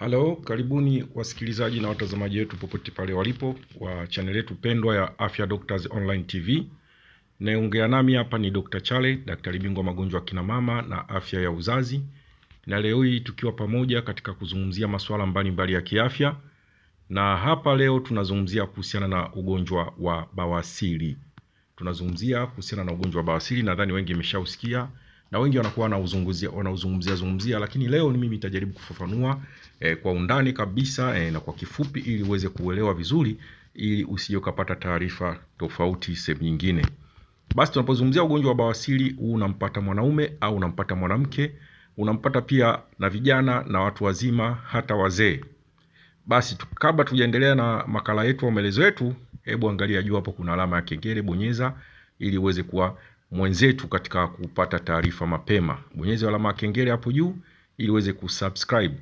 Halo, karibuni wasikilizaji na watazamaji wetu popote pale walipo wa chaneli yetu pendwa ya Afya Doctors Online TV. Naongea nami hapa ni Dr. Chale, daktari bingwa magonjwa ya kina mama na afya ya uzazi, na leo hii tukiwa pamoja katika kuzungumzia masuala mbalimbali ya kiafya, na hapa leo tunazungumzia kuhusiana na ugonjwa wa bawasiri. Tunazungumzia kuhusiana na ugonjwa wa bawasiri, nadhani wengi wameshausikia na wengi wanakuwa wanauzungumzia wanauzungumzia zungumzia, lakini leo ni mimi nitajaribu kufafanua eh, kwa undani kabisa eh, na kwa kifupi, ili uweze kuelewa vizuri, ili usije ukapata taarifa tofauti sehemu nyingine. Basi tunapozungumzia ugonjwa wa bawasiri huu, unampata mwanaume au unampata mwanamke, unampata pia na vijana na watu wazima, hata wazee. Basi kabla tujaendelea na makala yetu au maelezo yetu, hebu angalia juu hapo kuna alama ya kengele, bonyeza ili uweze kuwa mwenzetu katika kupata taarifa mapema. Bonyeza alama ya kengele hapo juu ili uweze kusubscribe.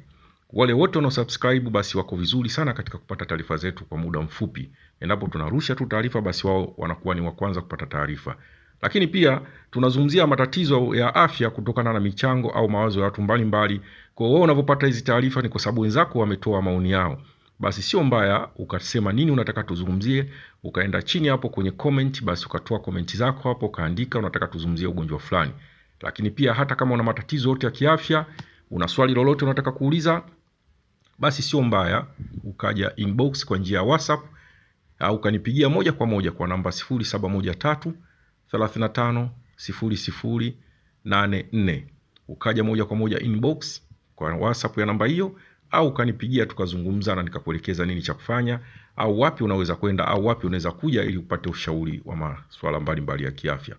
Wale wote wanaosubscribe basi wako vizuri sana katika kupata taarifa zetu kwa muda mfupi. Endapo tunarusha tu taarifa, basi wao wanakuwa ni wa kwanza kupata taarifa. Lakini pia tunazungumzia matatizo ya afya kutokana na michango au mawazo ya watu mbalimbali. Kwa hiyo wewe unavyopata hizi taarifa ni kwa sababu wenzako wametoa maoni yao basi sio mbaya ukasema nini unataka tuzungumzie, ukaenda chini hapo kwenye comment, basi ukatoa comment zako hapo, ukaandika unataka tuzungumzie ugonjwa fulani. Lakini pia hata kama una matatizo yote ya kiafya, una swali lolote unataka kuuliza, basi sio mbaya ukaja inbox kwa njia ya WhatsApp au ukanipigia moja kwa moja kwa namba 0713 35 0084 ukaja moja kwa moja inbox kwa WhatsApp ya namba hiyo au ukanipigia tukazungumza na nikakuelekeza nini cha kufanya au wapi unaweza kwenda au wapi unaweza kuja ili upate ushauri wa masuala mbalimbali ya kiafya.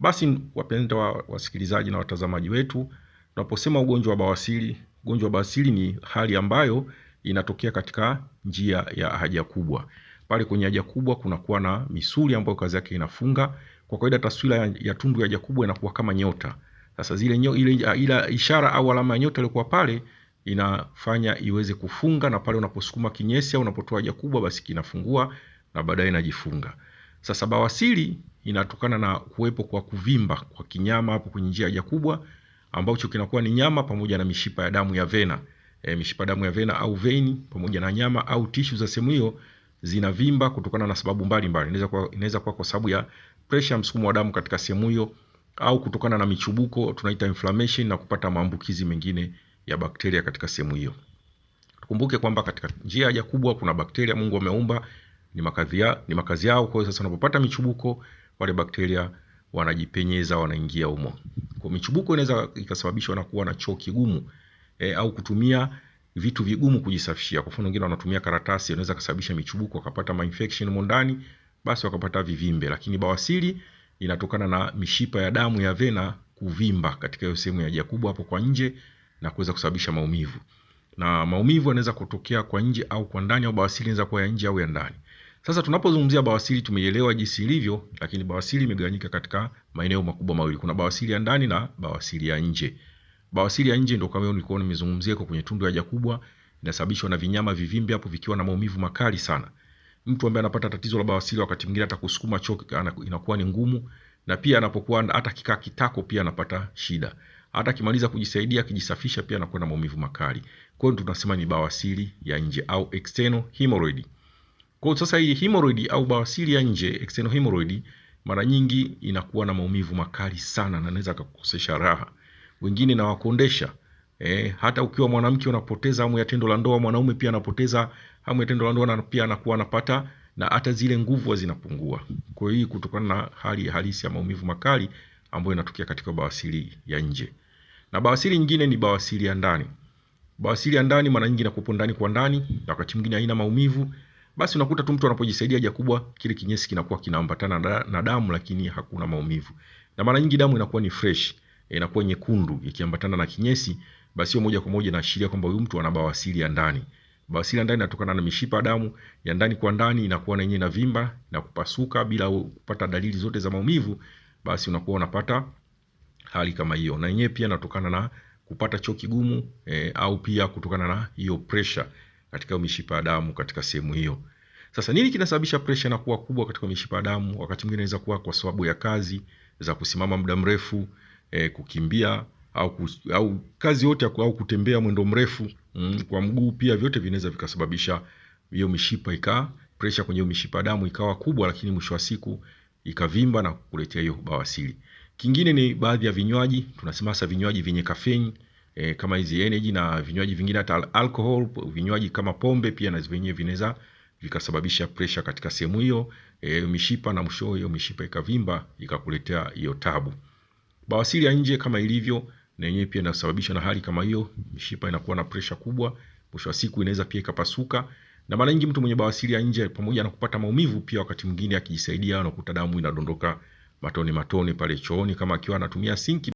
Basi wapendwa wasikilizaji na watazamaji wetu, tunaposema ugonjwa wa bawasiri, ugonjwa wa bawasiri ni hali ambayo inatokea katika njia ya haja kubwa. Pale kwenye haja kubwa kunakuwa na misuli ambayo kazi yake inafunga. Kwa kawaida taswira ya ya tundu ya haja kubwa inakuwa kama nyota. Sasa zile nyo, ile, ile ishara au alama ya nyota iliyokuwa pale inafanya iweze kufunga na pale unaposukuma kinyesi au unapotoa haja kubwa basi kinafungua na baadaye inajifunga. Sasa bawasiri inatokana na kuwepo kwa kuvimba kwa kinyama hapo kwenye njia ya haja kubwa ambacho kinakuwa ni nyama pamoja na mishipa ya damu ya vena. E, mishipa ya damu ya vena au veini pamoja na nyama au tishu za sehemu hiyo zinavimba kutokana na sababu mbalimbali. Inaweza kuwa inaweza kuwa kwa sababu ya pressure, msukumo wa damu katika sehemu hiyo au kutokana na michubuko tunaita inflammation na kupata maambukizi mengine ya bakteria katika sehemu hiyo. Tukumbuke kwamba katika njia ya haja kubwa kuna bakteria Mungu ameumba, ni makazi ya, ni makazi yao. Kwa hiyo sasa unapopata michubuko, wale bakteria wanajipenyeza, wanaingia humo. Kwa michubuko inaweza ikasababishwa na kuwa na choo kigumu e, au kutumia vitu vigumu kujisafishia. Kwa mfano wengine wanatumia karatasi, inaweza kusababisha michubuko, wakapata ma infection humo ndani, basi wakapata vivimbe. Lakini bawasiri inatokana na mishipa ya damu ya vena kuvimba katika hiyo sehemu ya haja kubwa hapo kwa nje na kuweza kusababisha maumivu. Na maumivu yanaweza kutokea kwa nje au kwa ndani au bawasiri inaweza kuwa ya nje au ya ndani. Sasa tunapozungumzia bawasiri tumeielewa jinsi ilivyo, lakini bawasiri imegawanyika katika maeneo makubwa mawili. Kuna bawasiri ya ndani na bawasiri ya nje. Bawasiri ya nje ndio kama hiyo nilikuwa nimezungumzia iko kwenye tundu ya haja kubwa, inasababishwa na vinyama vivimbe hapo vikiwa na maumivu makali sana. Mtu ambaye anapata tatizo la bawasiri wakati mwingine hata kusukuma choo inakuwa ni ngumu na pia anapokuwa hata kikaa kitako pia anapata shida hata akimaliza kujisaidia akijisafisha pia anakuwa na maumivu makali. Kwa hiyo tunasema ni bawasiri ya nje au external hemorrhoid. Kwa hiyo sasa hii hemorrhoid au bawasiri ya nje external hemorrhoid mara nyingi inakuwa na maumivu makali sana na inaweza kukukosesha raha. Wengine na wakondesha. E, eh, hata ukiwa mwanamke unapoteza hamu ya tendo la ndoa, mwanaume pia anapoteza hamu ya tendo la ndoa na pia anakuwa anapata na hata zile nguvu zinapungua. Kwa hiyo kutokana na hali halisi ya maumivu makali ambayo inatokea katika bawasiri ya nje. Na bawasiri nyingine ni bawasiri ya ndani. Bawasiri ya ndani mara nyingi inakuwa ndani kwa ndani, na wakati mwingine haina maumivu. Basi unakuta tu mtu anapojisaidia haja kubwa, kile kinyesi kinakuwa kinaambatana na damu, lakini hakuna maumivu. Na mara nyingi damu inakuwa ni fresh, eh, inakuwa nyekundu ikiambatana na kinyesi, basi moja kwa moja inaashiria kwamba huyu mtu ana bawasiri ya ndani. Bawasiri ya ndani inatokana na mishipa ya damu ya ndani kwa ndani, inakuwa na yenyewe na vimba na kupasuka bila kupata dalili zote za maumivu, basi unakuwa unapata hali kama hiyo, na yenyewe pia inatokana na kupata choo kigumu e, au pia kutokana na hiyo pressure katika mishipa ya damu katika sehemu hiyo. Sasa nini kinasababisha pressure na kuwa kubwa katika mishipa ya damu? Wakati mwingine inaweza kuwa kwa sababu ya kazi za kusimama muda mrefu e, kukimbia au, au kazi yote au kutembea mwendo mrefu mm, kwa mguu pia, vyote vinaweza vikasababisha hiyo mishipa ikaa pressure kwenye mishipa ya damu ikawa kubwa, lakini mwisho wa siku ikavimba na kukuletea hiyo bawasiri. Kingine ni baadhi ya vinywaji, tunasema hasa vinywaji vyenye kafeini e, eh, kama hizi energy na vinywaji vingine hata alcohol, vinywaji kama pombe pia na vyenyewe vinaweza vikasababisha pressure katika sehemu hiyo e, mishipa na mshoyo hiyo mishipa ikavimba ikakuletea hiyo tabu. Bawasiri ya nje kama ilivyo na yenyewe pia inasababishwa na hali kama hiyo, mishipa inakuwa na pressure kubwa, mwisho wa siku inaweza pia ikapasuka na mara nyingi mtu mwenye bawasiri ya nje pamoja na kupata maumivu, pia wakati mwingine akijisaidia anakuta damu inadondoka matone matone pale chooni kama akiwa anatumia sinki.